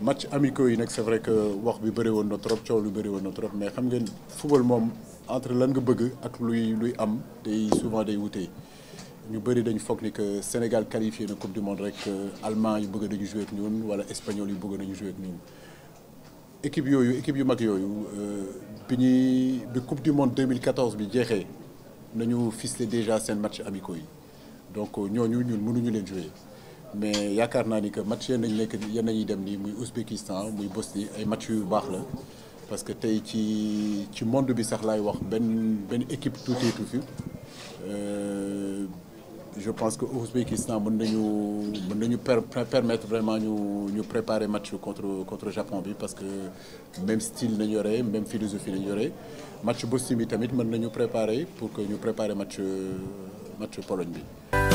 match amico yi nag c'est vrai que wax bi bëri woon na trop coow lu bëri woon na mais xam ngeen football moom entre lan nga bëgg ak luy luy am day souvent day wutee ñu bëri dañu foog ni que Sénégal qualifié na coupe du monde rek euh, yu bëgg nañu jouer ak wala espagnol yu bëgg nañu jouer ak ñun yooyu équipe yu mag yooyu euh, bi ñuy bi coupe du monde 2014 bi jeexee nañu ficelé déjà seen match amicaux yi donc euh, ñooñu ñun mënuñu leen jouer mais yaakaar naa ni que match yéen nañu nekk yéen nañuy dem nii muy Ouzbékistan muy Bosnie ay match yu baax la parce que tey ci ci monde bi sax laay wax benn benn équipe tuuteetu fi euh, je pense que Ouzbékistan mën nañu mën nañu permettre vraiment ñu ñu préparer match contre contre Japon bi parce que même style nañu yore même philosophie nañu yore match Bosnie bi tamit mën nañu préparer pour que ñu préparer match match Pologne bi